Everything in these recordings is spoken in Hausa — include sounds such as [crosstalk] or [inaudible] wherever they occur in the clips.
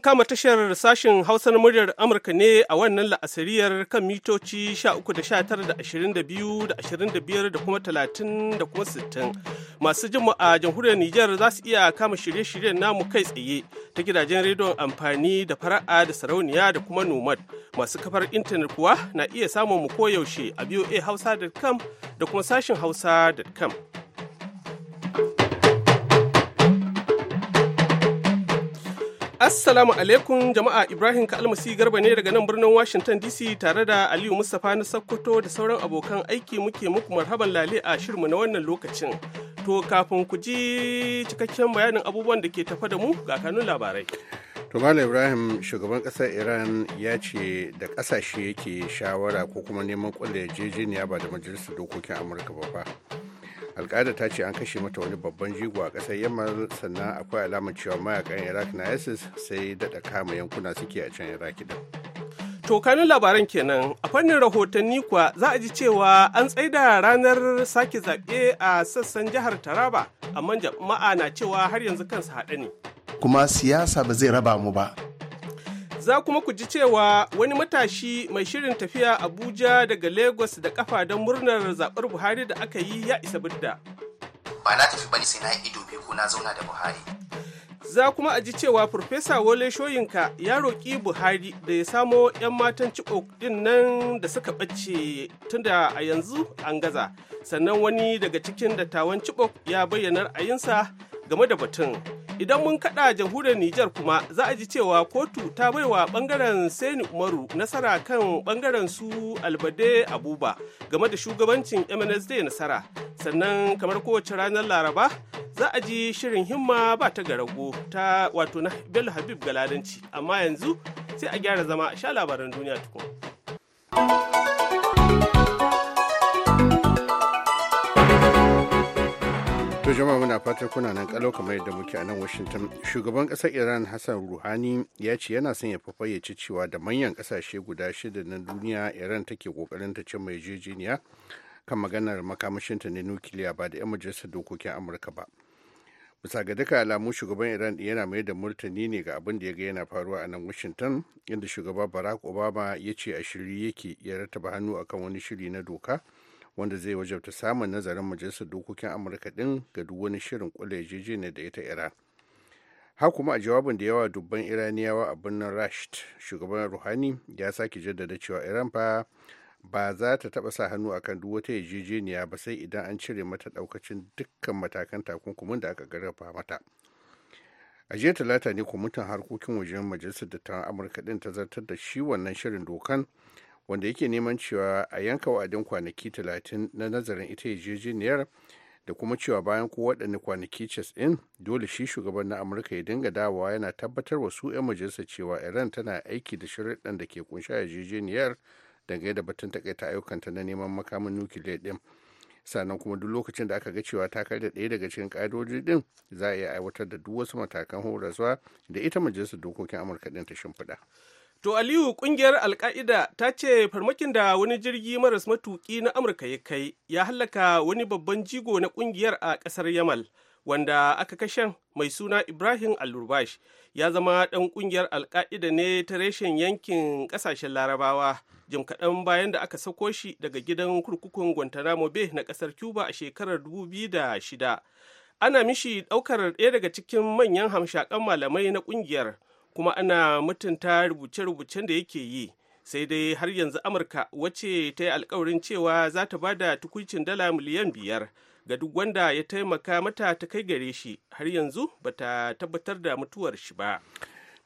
kama tashar sashen hausar muryar Amurka ne a wannan la'asariyar kan mitoci 13 da 22 da 25 da kuma 30 da kuma 60. Masu jin a jamhuriyar Nijar za su iya kama shirye-shiryen namu kai tsaye ta gidajen rediyon amfani da fara'a da sarauniya da kuma nomad. Masu kafar intanet kuwa na iya samun mu koyaushe a hausa.com da kuma sashen hausa.com. Assalamu alaikum jama'a Ibrahim Kalmasi Garba ne daga nan birnin Washington DC tare da Aliyu Mustapha na Sokoto da sauran abokan aiki muke muku marhaban lale a shirmu na wannan lokacin. To kafin ku ji cikakken bayanin abubuwan da ke tafa da mu ga kanun labarai. To Ibrahim shugaban ƙasar Iran ya ce da kasashe yake shawara ko kuma neman ƙulla yarjejeniya ba da majalisar dokokin Amurka ba fa. alkada ta ce an kashe mata wani babban jigo a ƙasar yamal sannan akwai alamar cewa mayakan iraq na isis sai daɗa kama yankuna suke a can iraq din to kanin labaran kenan a fannin rahotanni kuwa za a ji cewa an tsaida ranar sake zaɓe a sassan jihar taraba amma jama'a na cewa har yanzu kansu haɗe ne kuma siyasa ba zai raba mu ba Za kuma ku ji cewa wani matashi mai shirin tafiya Abuja daga Lagos da kafa don murnar zaɓar Buhari da aka yi ya isa bidda. Ba na tafi bane sai na yi ido ko na zauna da Buhari. Za kuma a ji cewa Farfesa Wole Shoyinka ya roƙi Buhari da ya samo 'yan matan ciko din nan da suka ɓace tunda a yanzu an gaza. Sannan wani daga cikin dattawan ciko ya bayyana ra'ayinsa game da batun. Idan mun kada jamhuriyar Nijar kuma za a ji cewa kotu ta baiwa bangaren Seni Umaru nasara kan bangaren su Albade Abuba game da shugabancin MNSD nasara. Sannan kamar kowace ranar Laraba za a ji shirin himma ba ta garago ta wato na Bello Habib Galadanci. Amma yanzu sai a gyara zama a sha labaran duniya tukun. To jama'a muna fatan kuna nan kalo kamar yadda muke a nan Washington. Shugaban kasar Iran Hassan Ruhani ya ce yana son ya fafayyaci cewa da manyan kasashe guda shida na duniya Iran take kokarin ta ce mai jejeniya kan maganar makamashinta ne nukiliya ba da 'yan majalisar dokokin Amurka ba. Bisa ga duka alamu shugaban Iran yana mai da murtani ne ga abin da ya ga yana faruwa a nan Washington inda shugaba Barack Obama ya ce a shiri yake ya rattaba hannu akan wani shiri na doka. wanda zai wajabta samun nazarin majalisar dokokin amurka din ga duk wani shirin kula ne da ita iran har kuma a jawabin da yawa dubban iraniyawa a birnin rasht shugaban ruhani ya sake jaddada cewa iran fa ba za ta taba sa hannu akan duk wata yarjejeniya ba sai idan an cire mata ɗaukacin dukkan matakan takunkumin da aka garrafa mata a jiya talata ne kwamitin harkokin wajen majalisar dattawan amurka din ta zartar da shi wannan shirin dokan wanda yake neman cewa a yanka wa'adin kwanaki talatin na nazarin ita yarjejeniyar da kuma cewa bayan ko waɗanne kwanaki cas ɗin dole shi shugaban na amurka ya dinga dawowa yana tabbatar wa su 'yan majalisa cewa iran tana aiki da sharaɗin da ke kunsha yarjejeniyar dangane da batun takaita ayyukanta na neman makamin nukiliya ɗin sannan kuma duk lokacin da aka ga cewa ta karya ɗaya daga cikin ƙa'idoji ɗin za a iya aiwatar da duk wasu matakan horaswa da ita majalisar dokokin amurka ɗin ta shimfiɗa. To Aliyu kungiyar Alka'ida ta ce farmakin da wani jirgi maras matuki na Amurka ya kai ya hallaka wani babban jigo na kungiyar a ƙasar Yamal wanda aka kashe mai suna Ibrahim Alurbash ya zama ɗan kungiyar Alka'ida ne ta reshen yankin ƙasashen Larabawa jim kaɗan bayan da aka sako shi daga gidan kurkukun Guantanamo Bay na ƙasar Cuba a shekarar 2006. Ana mishi ɗaukar ɗaya daga cikin manyan hamshakan malamai na ƙungiyar. kuma ana mutunta rubuce-rubucen da yake yi sai dai har yanzu amurka wacce ta yi alkawarin cewa za ta ba da tukuncin dala miliyan biyar ga duk wanda ya taimaka mata ta kai gare shi har yanzu ba ta tabbatar da mutuwar shi ba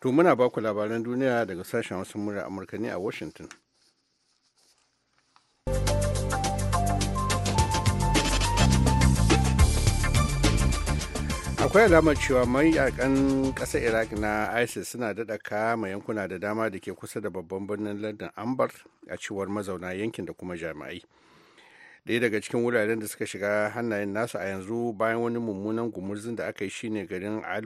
to muna ba ku labaran duniya daga sashen wasu murar amurka ne a washington akwai alamar cewa mayakan ƙasar iraq na isis suna daɗa ma yankuna da dama da ke kusa da babban birnin london ambar a cewar mazauna yankin da kuma jami'ai daya daga cikin wuraren da suka shiga hannayen nasu a yanzu bayan wani mummunan gumurzun da aka yi shine garin al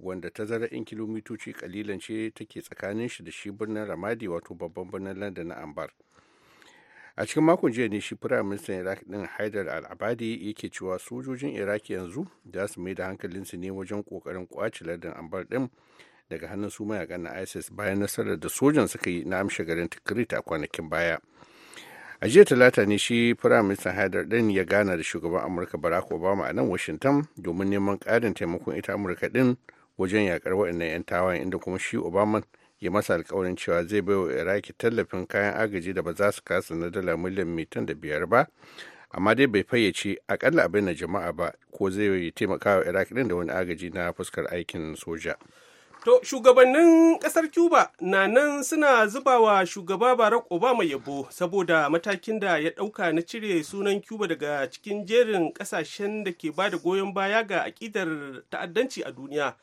wanda ta zara in kilomitoci kalilan ce take tsakanin shi da shi birnin ramadi wato babban birnin london na ambar a cikin makon jiya ne shi firayim ministan iraq din haidar al-abadi yake cewa sojojin iraq yanzu za su mai da hankalinsu ne wajen kokarin kwace lardin ambar din daga hannun su mayakan na isis bayan nasarar da sojan suka yi na amshe garin tikrit a kwanakin baya a jiya talata ne shi firayim ministan haidar din ya gana da shugaban amurka barack obama a nan washington domin neman karin taimakon ita amurka din wajen yakar waɗannan 'yan tawayen inda kuma shi obama ya masa alkawarin cewa zai bai wa iraki tallafin kayan agaji da ba za su kasa na dala miliyan mitan da biyar ba amma dai bai fayyace akalla abin na jama'a ba ko zai taimaka wa iraki din da wani agaji na fuskar aikin soja To shugabannin kasar Cuba na nan suna zuba wa shugaba Barack Obama yabo saboda matakin da ya dauka na cire sunan Cuba daga cikin jerin kasashen da ke bada goyon baya ga aƙidar ta'addanci a duniya.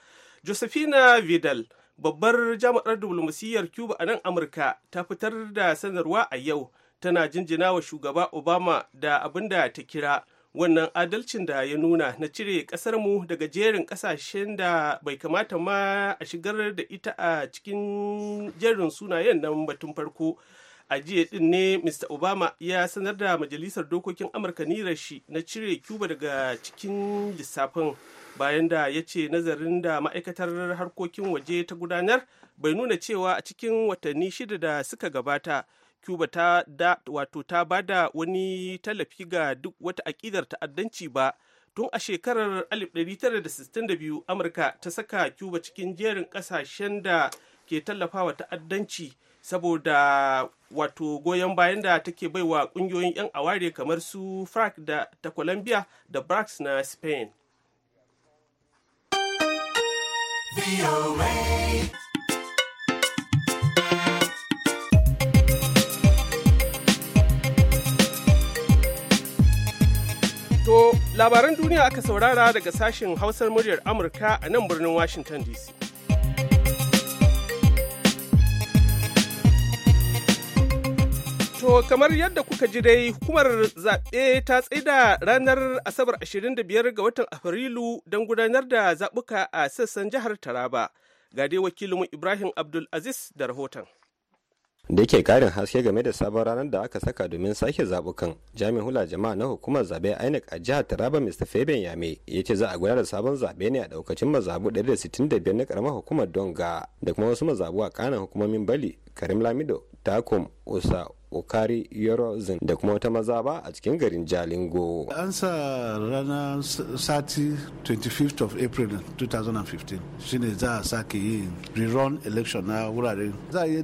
josephina Vidal babbar jami'ar diplomasiyyar cuba a nan amurka ta fitar da sanarwa a yau tana jinjina wa shugaba obama da abin da ta kira wannan adalcin da ya nuna na cire mu daga jerin ƙasashen da bai kamata ma a shigar da ita a cikin jerin sunayen nan batun farko a jiya din ne mr obama ya sanar da majalisar dokokin amurka nirar shi na cire cuba daga cikin lissafin bayan da ya ce nazarin da ma'aikatar harkokin waje ta gudanar bai nuna cewa a cikin watanni shida da suka gabata cuba ta da wato ta bada wani tallafi ga duk wata aƙidar ta'addanci ba tun a shekarar 1962 amurka ta saka cuba cikin jerin ƙasashen da ke tallafawa ta'addanci saboda wato goyon bayan da take baiwa ƙungiyoyin 'yan aware kamar su frank da ta colombia da brax na spain To labaran duniya aka saurara daga sashen hausar muryar Amurka a nan birnin Washington DC. To kamar yadda kuka ji dai hukumar zaɓe ta tsaida ranar Asabar 25 ga watan Afrilu don gudanar da zaɓuka a sassan jihar Taraba. Ga dai wakilinmu Ibrahim Abdul Aziz da rahoton. da yake karin haske game da sabon ranar da aka saka domin sake zabukan jami'in hula jama'a na hukumar zabe inec a jihar taraba mr feben yame ya ce za a gudanar da sabon zabe ne a daukacin mazabu 165 na karamar hukumar donga da kuma wasu mazabu a kanan hukumomin bali karim lamido takum usa okari yorozin da kuma wata maza ba a cikin garin jalingo an sa ranar sati 25th of april 2015 shine za a sake yin rerun election na wurare za a yi eh,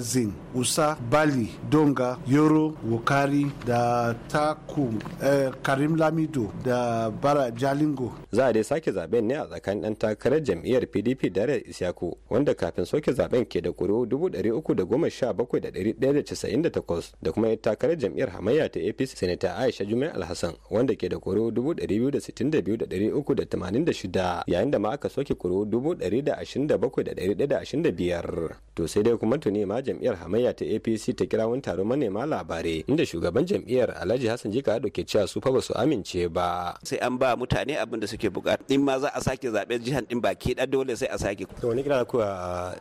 zin usa bali donga yoro wokari da taku eh, karim lamido da bara jalingo za a dai sake zaben ne a tsakanin dan takarar jam'iyyar pdp dare isyaku wanda kafin soke zaben ke da kuri'u 317,198 takwas da kuma takarar jam'iyyar hamayya ta apc sanata aisha jumai alhassan wanda ke da koro dubu ɗari biyu da sittin da biyu da ɗari uku da tamanin da shida yayin da ma aka soke koro dubu ɗari da ashirin da bakwai da ɗari ɗaya da ashirin da biyar to sai dai kuma tuni ma jam'iyyar hamayya ta apc ta kira wani taron manema labarai inda shugaban jam'iyyar alhaji hassan jika ado ke cewa su fa ba su amince ba sai an ba mutane abin da suke bukata in ma za a sake zaɓen jihar din baki ɗan dole sai a sake to wani kira ku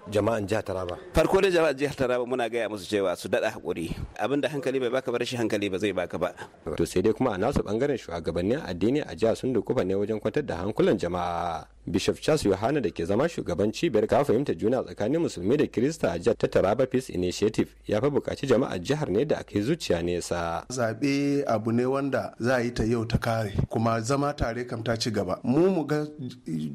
jama'an jihar taraba farko da jama'an jihar taraba muna gaya musu cewa su daɗa haƙuri abin da hankali bai baka ba rashin hankali ba zai baka ba to sai dai kuma a nasu bangaren shugabannin addini a jiya sun dukufa ne wajen kwantar da hankulan jama'a bishop charles yohana da ke zama shugaban cibiyar ka fahimta juna tsakanin musulmi da kirista a jihar ta taraba peace initiative ya fi buƙaci jama'a jihar ne da aka yi zuciya nesa zaɓe abu ne wanda za a yi ta yau ta kare kuma zama tare kam ta ci gaba mu mu ga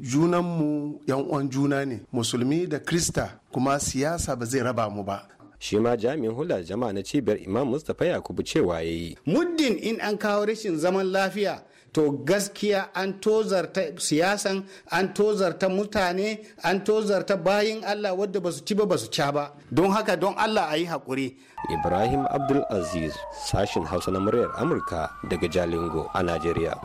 junanmu yan uwan juna ne musulmi da kirista kuma siyasa ba zai raba mu ba shi ma jami'in hula jama'a na cibiyar imam mustapha yakubu cewa ya yi muddin in an kawo rashin zaman lafiya to gaskiya an tozarta siyasan an tozarta mutane an tozarta bayin allah wadda basu ci ba basu ca ba don haka don allah a yi haƙuri ibrahim abdul aziz sashin hausa na muryar amurka daga jalingo a najeriya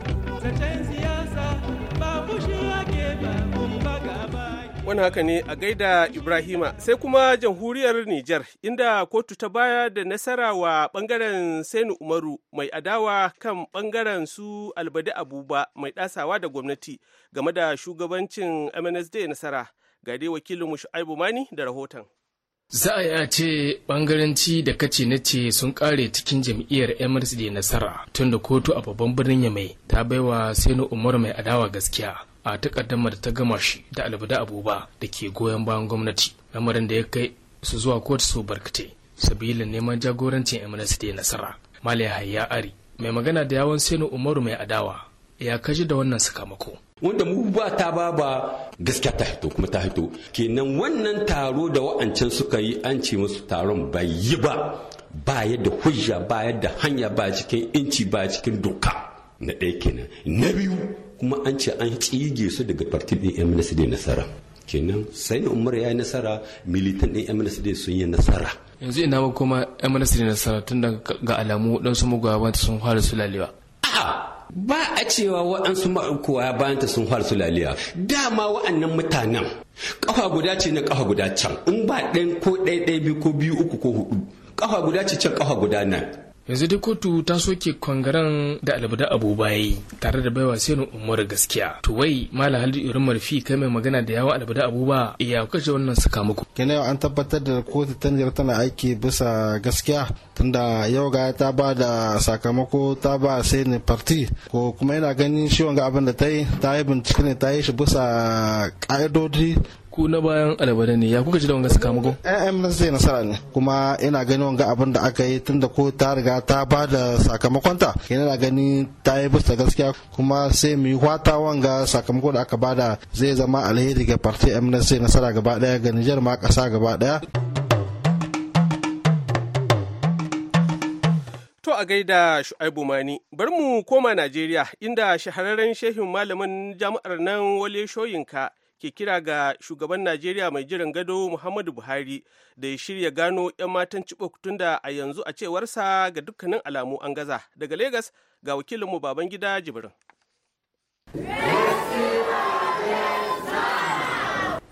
wani haka ne a gaida ibrahima sai kuma jamhuriyar niger inda kotu ta baya da nasara wa bangaren sainu umaru mai adawa kan bangaren su albadi abuba mai dasawa da gwamnati game da shugabancin mnsd nasara ga dai wakilin mu shu'aibu mani da rahoton za a yi a ce bangaranci da kace na ce sun kare cikin jam'iyyar emirates da nasara tun kotu a babban birnin yamai ta baiwa sani umar mai adawa gaskiya a takaddamar da ta gama shi da albada abuba da ke goyon bayan gwamnati lamarin da ya kai su zuwa kotu su barkate sabilin neman jagorancin emirates da nasara malaya hayya ari mai magana da yawon sani umaru mai adawa ya kaji da wannan sakamako wanda mu ba ta ba ba gaskiya ta hito kuma ta hito kenan wannan taro da wa'ancan suka yi an ce musu taron bai yi ba ba yadda hujja ba yadda hanya ba cikin inci ba cikin doka na ɗaya kenan na biyu kuma an ce an tsige su daga partin ɗin yan da nasara kenan sai umar ya yi nasara militan ɗin yan da sun yi nasara yanzu ina kuma yan da nasara tun daga alamu dan su sun fara sulalewa a'a ba a cewa waɗansu ma'aikowa bayan ta sun fara sulaliya dama waɗannan mutanen kafa guda ce na kafa guda can in ba ɗan ko ɗaya ɗaya biyu ko biyu uku ko hudu kafa guda ce can kafa guda nan yanzu dai kotu ta soke kwangaren da albada abu tare da baiwa senu umar gaskiya to wai mala haldu irin marfi kai mai magana da yawon albada abu ba iya kace wannan sakamako kenan an tabbatar da kotu ta tana aiki bisa gaskiya tunda yau ga ta ba da sakamako ta ba sai ni parti ko kuma yana ganin shi wanga abin da ta yi ta yi bincike ne ta yi shi bisa ka'idodi ku na bayan alabada ne ya kuka ji da wanga sakamakon eh, eh, mm zai nasara ne kuma ina ganin wanga abin da aka yi tunda ko ta riga ta ba da sakamakonta yana da gani ta yi bisa gaskiya kuma sai mu yi wata wanga sakamako da aka ba da zai zama alheri ga parti mnc nasara gaba daya ga nijar ma kasa gaba daya To a gaida Shu'aibu Mani, bari mu koma Najeriya inda shahararren shehin malamin jami'ar nan Wale Shoyinka ke kira ga shugaban najeriya mai jiran gado muhammadu buhari da ya shirya gano 'yan matan tun da a yanzu a cewarsa ga dukkanin alamu an gaza daga Legas ga wakilinmu baban gida jibrin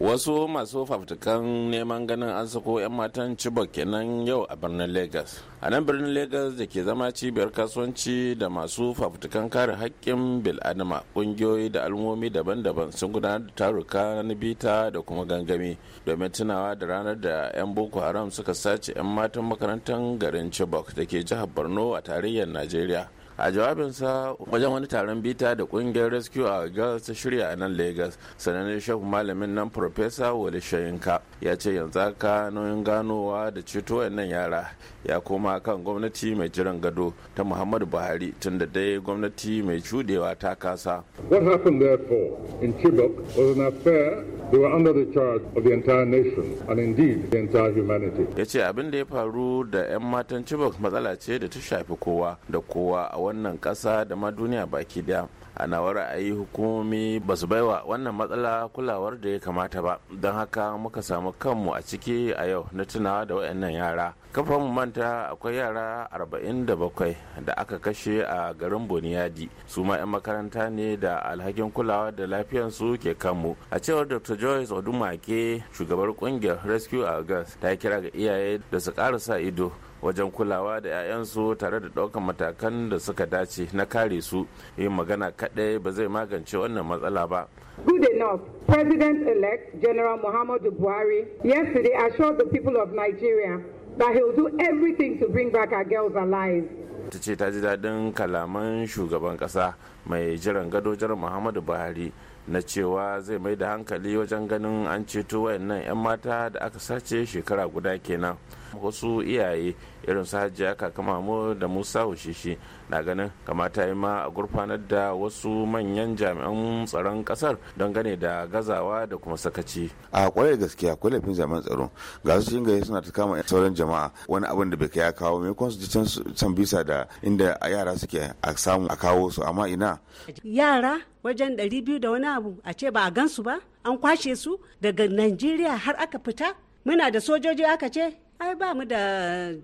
wasu masu fafutukan neman ganin an sako 'yan matan chibok kenan yau a birnin lagos a nan birnin lagos da ke zama cibiyar kasuwanci da masu fafutukan kare hakkin bil'adama ƙungiyoyi da al'ummomi daban-daban sun gudanar da taruka na bita da kuma gangami domin tunawa da ranar da 'yan boko haram suka sace 'yan matan makarantar garin chibok da ke jihar borno a tarayyar najeriya a jawabinsa wajen wani taron bita da kungiyar rescue a girls ta shirya a nan lagos sanannen shehu malamin nan profesa wale shayinka ya ce yanzu ka nauyin ganowa da ceto wannan yara ya koma kan gwamnati mai jiran gado ta muhammadu buhari tun da dai gwamnati mai cudewa ta kasa what happened therefore in chibok was an affair they were under the charge of the entire nation and indeed the entire humanity ya ce abin da ya faru da 'yan matan chibok matsala ce da ta shafi kowa da kowa a wannan kasa da ma duniya baki daya a nawa ra'ayi hukumomi ba su baiwa wannan matsala kulawar da ya kamata ba don haka muka samu kanmu a ciki a yau na tunawa da wayannan yara kafin mu manta akwai yara 47 da aka kashe a garin boniyadi su ma 'yan makaranta ne da alhakin kulawa da su ke kanmu a cewar dr joyce odumake shugabar kungiyar rescue a gas ta kira ga iyaye da su ƙara sa ido wajen kulawa da 'ya'yansu tare da ɗaukan matakan da suka dace na kare su yin magana kaɗai ba zai magance wannan matsala ba Good enough, President-elect General Muhammadu Buhari yesterday assured the people of Nigeria that he'll do everything to bring back our girls alive. ta ce ta ji daɗin kalaman shugaban ƙasa mai jiran gado jiran muhammadu buhari na cewa zai mai da hankali wajen ganin an ceto wayannan 'yan mata da aka sace shekara guda kenan wasu iyaye irin su hajji kama mu da musa hushishi na ganin kamata yi ma a gurfanar da wasu manyan jami'an tsaron kasar don gane da gazawa da kuma sakaci a kwarai gaskiya akwai laifin jami'an tsaro ga su suna ta kama sauran jama'a wani abin da bai ya kawo kwan su can bisa da inda yara suke a samu a kawo su amma ina yara wajen 200 da wani abu a ce ba a gansu ba an kwashe su daga najeriya har aka fita muna da sojoji aka ce ai ba mu da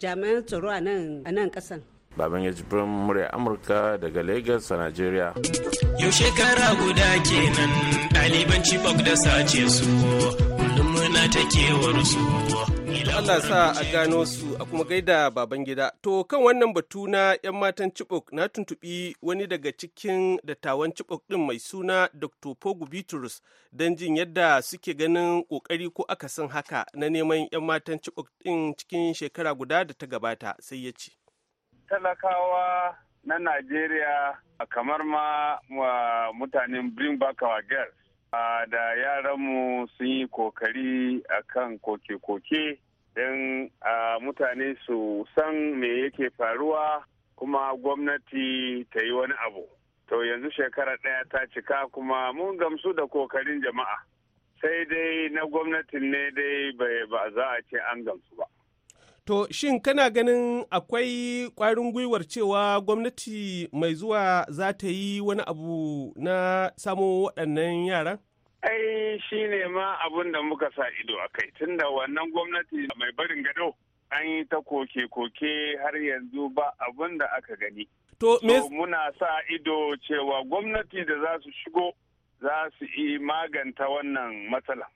jami'an tsaro a nan kasan baban ya jibin murya amurka daga lagos a nigeria yau shekara guda kenan ɗaliban chibok da sace su kullum muna ta kewar su Allah sa a gano su a kuma gaida baban gida. To kan wannan batu na 'yan matan Chibok na tuntuɓi wani daga cikin dattawan Chibok ɗin mai suna Dr. Pogu Bitrus don jin yadda suke ganin ƙoƙari ko akasin haka na neman 'yan matan Chibok ɗin cikin shekara guda da ta gabata sai ya ce. Talakawa na Najeriya kamar ma mutanen Bring Back Our Girls da yaranmu sun yi kokari a kan koke-koke don mutane su san me yake faruwa kuma gwamnati ta yi wani abu to yanzu shekara ɗaya ta cika kuma mun gamsu da kokarin jama'a sai dai na gwamnatin ne dai ba za a ce an gamsu ba To, shin kana ganin akwai ƙwarin gwiwar cewa gwamnati mai zuwa za ta yi wani abu na samo waɗannan yaran? ai shi ne ma abin da muka sa ido a kai tunda wannan gwamnati mai barin gado an yi ta koke-koke har yanzu ba abin da aka gani. To, muna sa ido cewa gwamnati da za su shigo za su yi maganta wannan matsala.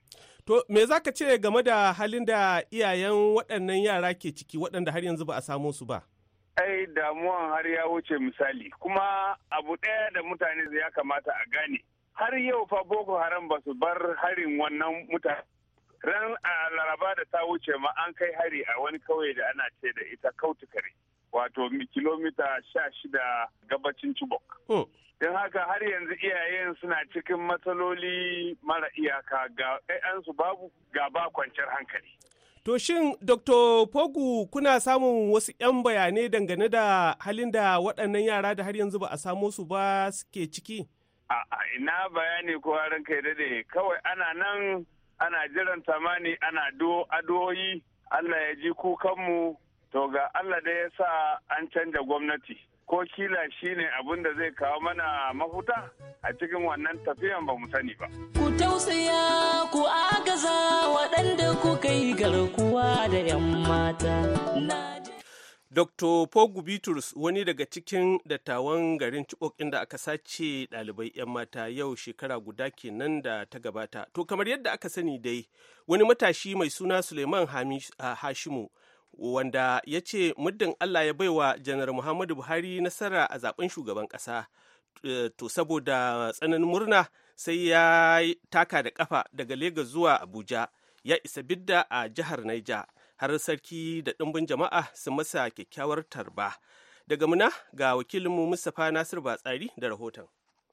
To, me za ka ce game da halin da iyayen waɗannan yara ke ciki waɗanda har yanzu ba a samo su ba? Ai, damuwan har ya wuce misali, kuma abu ɗaya da mutane ya kamata a gane. har yau fa boko haram ba su bar harin wannan mutane ran a laraba da ta wuce ma an kai hari a wani kauye da ana ce da ita kautukare wato kilomita sha shida gabacin chibok oh. don haka har yanzu iyayen suna cikin matsaloli mara iyaka ga ɗayansu babu ga kwanciyar hankali To shin Dr. Fogu kuna samun wasu 'yan bayanai dangane da halin da waɗannan yara da har yanzu ba a samo su ba suke ciki? ina bayani ko ran kai dade kawai ana nan ana jiran tamani ana adoyi Allah ya ji kukanmu to ga Allah da ya sa an canja gwamnati ko kila shine abin da zai kawo mana mafuta a cikin wannan tafiyan ba mu sani ba. Ku tausaya ku agaza waɗanda ku kai garkuwa da 'yan mata. dr pogu bitrus wani daga cikin dattawan garin cibok inda aka sace ɗalibai 'yan mata yau shekara guda kenan da ta gabata to kamar yadda aka sani dai wani matashi mai suna suleiman hashimu wanda ya ce muddin allah ya baiwa janar muhammadu buhari nasara a zaben shugaban ƙasa e, to saboda tsananin murna sai ya taka da kafa daga Legas zuwa Abuja ya isa bidda a jihar Naija har sarki da ɗimbin jama'a su masa kyakkyawar tarba daga muna ga wakilinmu mustapha nasir batsari da rahoton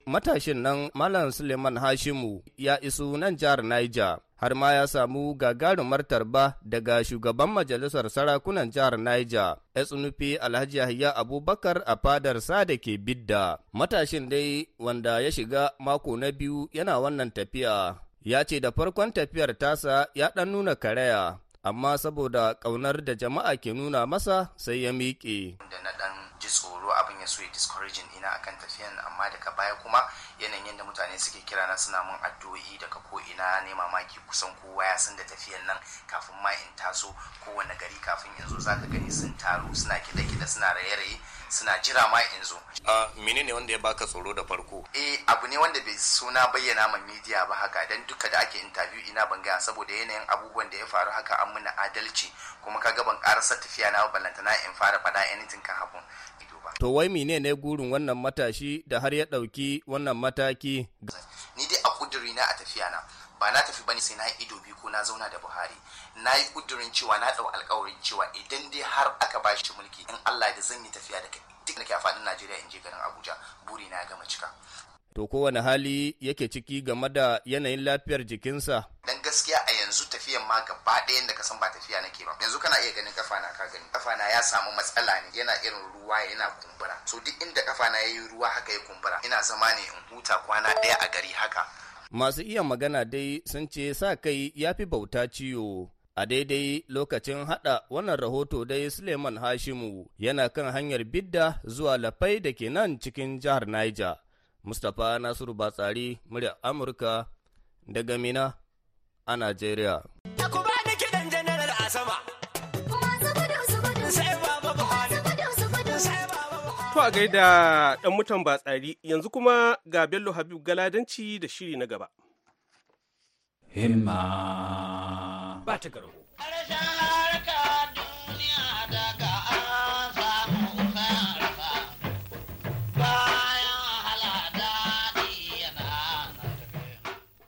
matashin nan malam suleiman hashimu ya isu nan jihar niger har ma ya samu gagarumar tarba daga shugaban majalisar sarakunan jihar Niger, SNP Alhaji Yahya Abubakar a fadar sa da ke bidda. Matashin dai wanda ya shiga mako na biyu yana wannan tafiya. Ya ce da farkon tafiyar tasa ya ɗan nuna karaya, amma saboda kaunar da jama'a ke nuna masa sai ya miƙe. Da na dan ji tsoro abin ya so ya discouraging ina akan tafiyan amma daga baya kuma yanayin yadda mutane suke kira na suna mun addu'o'i daga ko ina ne mamaki kusan kowa ya san da tafiyan nan kafin ma in taso kowane gari kafin yanzu zo zaka gani sun taru suna kiɗe-kiɗe suna raye-raye suna jira ma in zo. A ne wanda ya baka tsoro da farko? Eh abu ne wanda bai suna bayyana ma media ba haka dan duka da ake interview ina ban gaya saboda yanayin abubuwan da ya faru haka an muna adalci kuma ka ban karasa tafiya na ballantana in fara faɗa anything kan hakun. To wai ne gurin wannan matashi da har ya ɗauki wannan mataki? Ni dai a kudurina a tafiya na. ba na tafi bane sai na yi ido biyu ko na zauna da buhari na yi kudurin cewa na ɗau alkawarin cewa idan dai har aka ba shi mulki in allah da zan yi tafiya da duk da ke a faɗin najeriya in je garin abuja buri na gama cika to kowane hali yake ciki game da yanayin lafiyar jikinsa dan gaskiya a yanzu tafiyan ma gaba ɗayan da ka san ba tafiya nake ba yanzu kana iya ganin kafa na ka gani kafa na ya samu matsala ne yana irin ruwa yana kumbura so duk inda kafa na yayi ruwa haka ya kumbura ina zama ne in huta kwana ɗaya a gari haka Masu iya magana dai sun ce sa kai ya fi bauta ciwo. A daidai lokacin hada wannan rahoto dai Suleiman Hashimu yana kan hanyar bidda zuwa lafai da ke nan cikin jihar Niger. Mustapha Nasiru Batsari, murya Amurka, daga Mina a Najeriya. ko a gaida ɗan mutan batsari yanzu kuma ga Bello Habib Galadanci da shiri na gaba. Himma ba ta garo.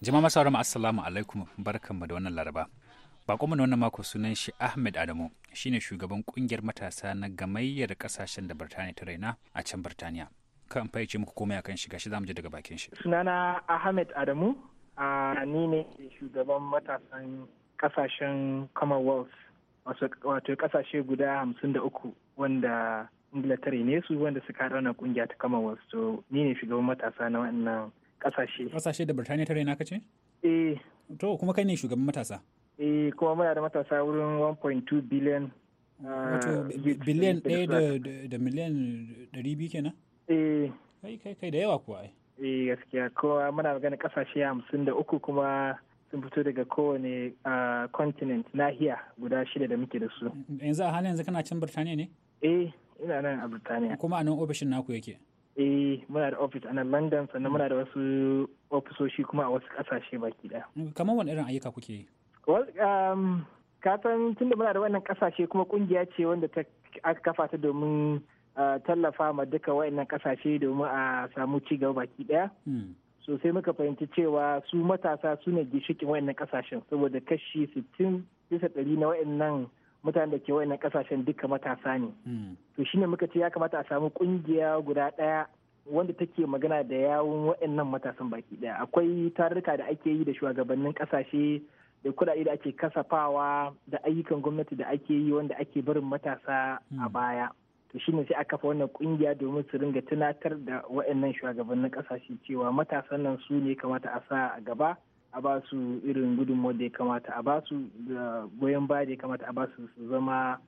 Jama'a masu assalamu alaikum barkanmu da wannan laraba. bakonmu na wannan mako sunan shi ahmed adamu shine shugaban kungiyar matasa na gamayyar kasashen da birtaniya ta raina a can birtaniya kan fahimci muku komai akan shi gashi zamu je daga bakin shi sunana ahmed adamu a ni ne shugaban matasan kasashen commonwealth wato kasashe guda hamsin da uku wanda ingilitare ne su wanda suka haɗa wannan kungiya ta commonwealth to ni ne shugaban matasa na wannan kasashe kasashe da birtaniya ta raina kace eh to kuma kai ne shugaban matasa eh kuma muna da matasa wurin 1.2 billion ah, wato biliyan ɗaya da miliyan ɗari biyu kenan eh kai kai kai da yawa kuwa ai eh gaskiya kowa muna magana kasashe hamsin da uku kuma sun fito daga kowane ah, continent nahiya guda shida da muke da su yanzu a halin yanzu kana cin birtaniya ne eh ina nan a birtaniya kuma a nan ofishin naku yake eh muna da ofis a nan london sannan muna da wasu ofisoshi kuma a wasu kasashe baki daya kamar wani irin ayyuka kuke yi Well, um, katon tunda muna da wannan kasashe kuma kungiya ce wanda ta aka kafa ta domin uh, tallafa ma duka wayannan kasashe domin a samu ci gaba baki daya. Hmm. So sai muka fahimci cewa su matasa su ne gishikin wannan kasashen saboda kashi sittin bisa ɗari na wayannan mutanen da ke wannan kasashen duka matasa ne. Hmm. To shine muka ce ya kamata a samu kungiya guda ɗaya wanda take magana da yawun wayannan matasan baki daya. Akwai tarurruka da ake yi da shugabannin kasashe da kuɗaɗe da ake kasafawa da ayyukan gwamnati da ake yi wanda ake barin matasa a hmm. baya to shine sai aka kafa wannan kungiya domin su ringa tunatar da waɗannan shugabannin ƙasashe cewa matasan nan su ne kamata a sa a gaba a ba su irin gudunmawar da ya kamata a ba su da goyon baya da ya kamata a ba su su zama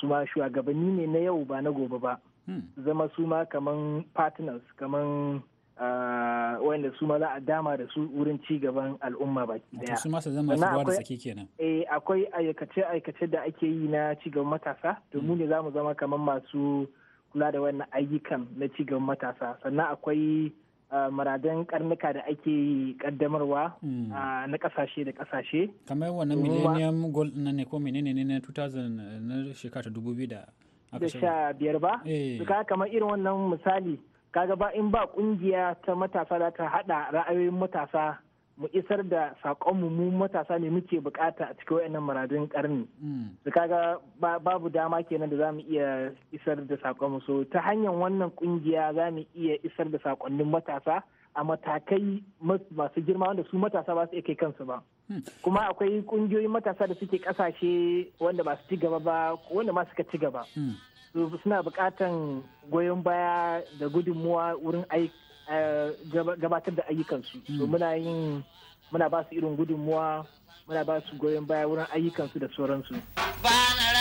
su ma shugabanni ne na yau ba na gobe ba hmm. zama su ma kaman partners kaman wanda su ma za a dama da su wurin ci gaban al'umma baki daya. su ma su zama su ruwa da tsaki kenan. Eh akwai aikace aikace da ake yi na ci gaban matasa to mu ne mm. za mu zama kamar masu kula da wannan ayyukan na ci gaban matasa sannan akwai maradan karnuka da ake kaddamarwa mm. na kasashe da kasashe. Kamar wannan millennium goal na ne ko menene ne na 2000 na shekara 2000 da aka sha biyar ba. Duka eh. kamar irin wannan misali. kaga ba in ba kungiya ta matasa da ta hada ra'ayoyin matasa mu isar da sakonmu mu matasa ne muke bukata a cikin wayannan maradun karni da mm. kaga babu dama kenan da za mu iya isar da saƙonmu so ta hanyar wannan kungiya za mu iya isar da sakonnin matasa a matakai masu girma wanda su matasa ba su iya kai kansu ba mm. kuma akwai kungiyoyin matasa da suke kasashe wanda ba su ci gaba ba wanda ma suka ci gaba mm. suna bukatan goyon baya da gudunmuwa wurin gabatar da ayyukansu so hmm. muna yin muna ba su irin gudunmuwa muna ba su goyon baya wurin ayyukansu da sauransu ba da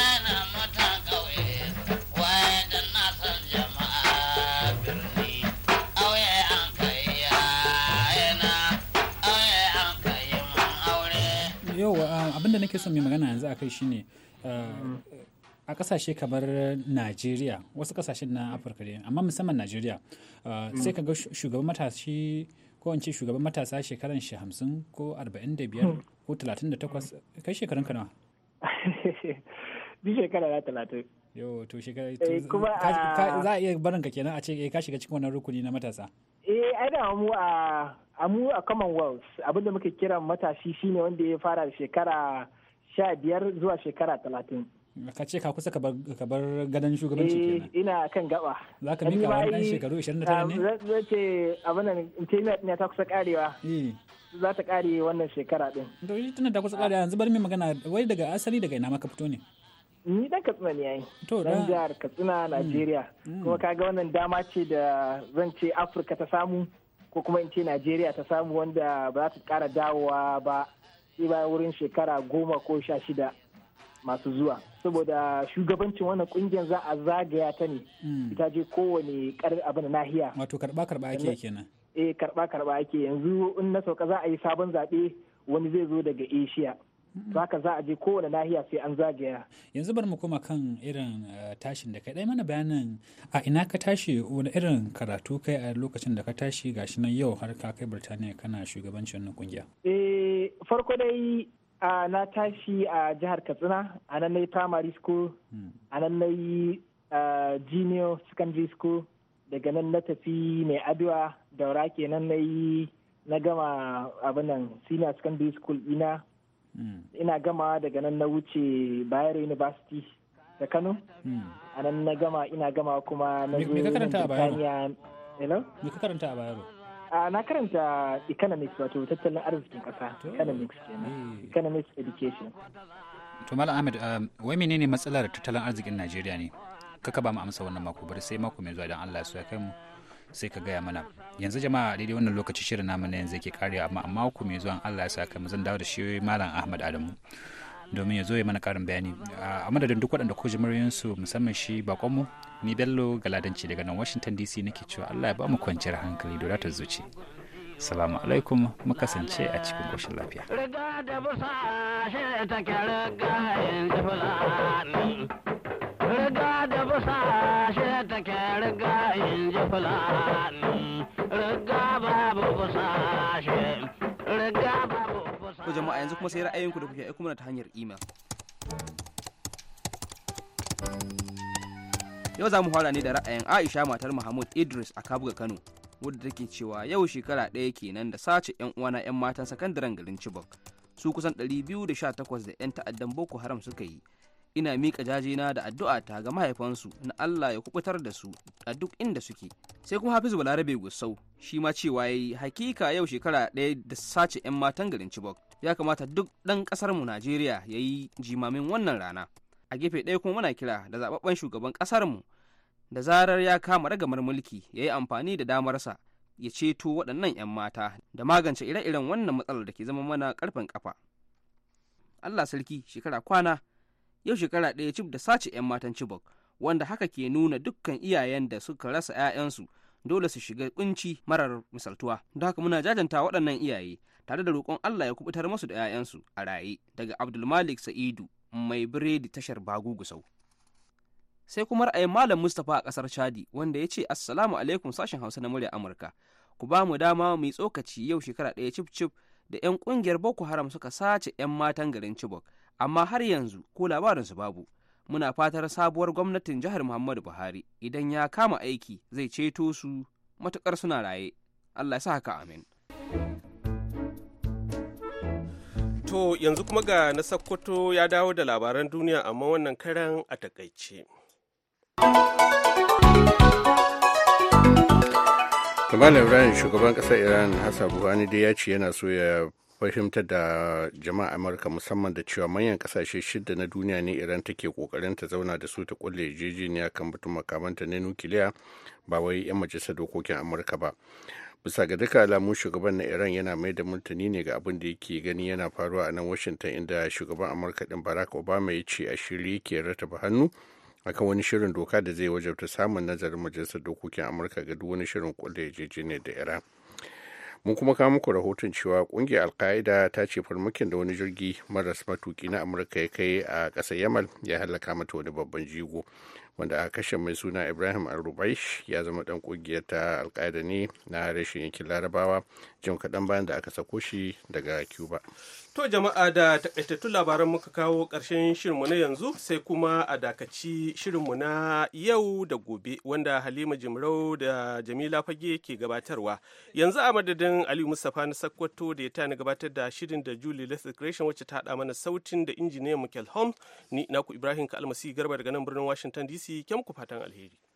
yau um, abinda nake son mai magana yanzu shi shine uh, hmm. a kasashe kamar najeriya wasu kasashen na afirka ne amma musamman najeriya uh, sai ka ga shugaban matashi ko in ce shugaban matasa shekaran shi hamsin ko arba'in da biyar hmm. ko talatin da takwas kai shekarun ka nawa bi [laughs] shekara na talatin yau to shekara eh, za a iya barin ka kenan a ce eh, ka shiga cikin wannan rukuni na matasa eh ai da mu a amu a commonwealth abinda muke kiran matashi shine wanda ya fara shekara sha biyar zuwa shekara talatin ka ce ka kusa ka bar gadon shugabanci eh, kenan ina kan gaba za ka mika wa ɗan shekaru 29 ah, ne zai ce abinan nan intanet ne ta kusa karewa eh. za ta kare wannan shekara din to shi tunan ta kusa karewa yanzu bari mai magana wai daga asali daga ina maka fito ne ni dan katsina ne yayi dan jihar katsina mm. najeriya mm. kuma kaga wannan dama ce da zan ce afirka ta samu ko kuma in ce najeriya ta samu wanda ba za ta kara dawowa ba sai bayan wurin shekara goma ko sha shida masu zuwa saboda shugabancin wannan kungiyar za a zagaya ta ne hmm. ita je kowane karin abin nahiya wato karba karba ake kenan eh karba karba ake yanzu in na sauka za a yi sabon zaɓe wani zai zo daga asia hmm. to haka za a je kowane nahiya sai an zagaya yanzu bar mu kuma kan irin eh, tashin da kai dai mana bayanin a ina ka tashi wani irin karatu kai a lokacin da ka tashi gashi nan yau har ka kai birtaniya kana shugabancin wannan kungiya eh farko dai Uh, na tashi a uh, jihar katsina a nan na yi primary school hmm. a nan na yi junior secondary school daga nan na tafi mai adwa daura kenan na yi na gama abinan senior secondary school hmm. ina mm. ina gama daga nan na wuce bayero university da kano mm. a nan na gama ina gama kuma na zuwa me ka karanta a bayero Ah, na karanta economics wato tattalin arzikin kasa economics kenan eh. economics education to mala ahmed um, wai menene matsalar tattalin arzikin najeriya ne kaka ba mu amsa wannan mako bari sai mako mai zuwa idan allah ya kai mu sai ka gaya mana yanzu jama'a daidai wannan lokaci shirin namu na yanzu yake karewa amma amma mako mai zuwa allah ya kai mu zan dawo da shi malam ahmed adamu domin ya zo ya mana karin bayani a madadin duk waɗanda ko su musamman shi bakonmu ni bello ga galadanci daga nan washington dc nake cewa allah ya ba mu kwanciyar hankali da ta zuci salamu alaikum mu kasance a cikin ƙoshin lafiya riga da busa shi take riga in ji fulani mu a yanzu kuma sai ra'ayinku da kuke aiko mana ta hanyar email. Yau za mu fara ne da ra'ayin Aisha matar Mahmud Idris a Kabuga Kano wadda take cewa yau shekara ɗaya kenan da sace 'yan uwana 'yan matan sakandaren garin Chibok. Su kusan 218 da 'yan ta'addan Boko Haram suka yi. Ina miƙa jajena da addu'a ta ga mahaifansu na Allah ya kubutar da su a duk inda suke. Sai kuma Hafizu Balarabe Gusau shi ma cewa yayi hakika yau shekara ɗaya da sace 'yan matan garin Chibok. ya kamata duk ɗan ƙasarmu najeriya ya yi jimamin wannan rana a gefe ɗaya kuma muna kira da zaɓaɓɓen shugaban ƙasarmu da zarar ya kama ragamar mulki ya yi amfani da damarsa ya ceto waɗannan 'yan mata da magance ire-iren wannan matsalar da ke zama mana ƙarfin ƙafa allah sarki shekara kwana yau shekara ɗaya cib da sace 'yan matan cibok wanda haka ke nuna dukkan iyayen da suka rasa 'ya'yansu dole su shiga kunci marar misaltuwa don haka muna jajanta waɗannan iyaye tare da roƙon Allah ya kubutar masu da 'ya'yansu a raye daga Abdulmalik Sa'idu mai biredi tashar Bagu Gusau. Sai kuma ra'ayin Malam Mustapha a ƙasar Chadi wanda ya ce Assalamu alaikum sashen Hausa na murya Amurka. Ku ba mu dama mu tsokaci yau shekara ɗaya cif cif da 'yan ƙungiyar Boko Haram suka sace 'yan matan garin Chibok amma har yanzu ko labarinsu babu. Muna fatar sabuwar gwamnatin jihar Muhammadu Buhari idan ya kama aiki zai ceto su matuƙar suna raye. Allah ya sa haka amin. To yanzu kuma ga na Sokoto ya dawo da labaran duniya amma wannan karan a takaice. Kamal Ibrahim shugaban ƙasar Iran Hassan buhari dai ya ce yana so ya fahimtar da jama'a amurka musamman da cewa manyan kasashe shida na duniya ne iran take kokarin ta zauna da su ta kulle yarjejeniya kan batun makamanta na nukiliya ba wai 'yan majalisar dokokin amurka ba bisa ga duka alamu shugaban na iran yana mai da martani ne ga abin da yake gani yana faruwa a nan washington inda shugaban amurka din barack obama ya ce a shirye yake rataba hannu akan wani shirin doka da zai wajabta samun nazarin majalisar dokokin amurka ga duk wani shirin kulle ne da iran mun kuma kawo muku rahoton cewa kungiyar alka'ida ta ce farmakin da wani jirgi maras matuki na amurka ya kai a ƙasar yamal ya halaka mata wani babban jigo wanda aka kashe mai suna ibrahim al-rubaish ya zama dan kungiyar ta alkaida ne na rashin yankin larabawa jim kaɗan bayan da aka sako shi daga cuba To jama'a da takaitattun labaran muka kawo ƙarshen shirinmu na yanzu sai kuma a dakaci shirinmu na yau da gobe wanda Halima Jimrau da Jamila Fage ke gabatarwa. Yanzu a madadin ali Mustapha na Sakkwato da ya tani gabatar da shirin da Julie Lester Creation wacce ta haɗa mana sautin da injiniyan Michael Holmes ni naku Ibrahim Kalmasi Garba daga nan birnin Washington DC ke muku fatan alheri.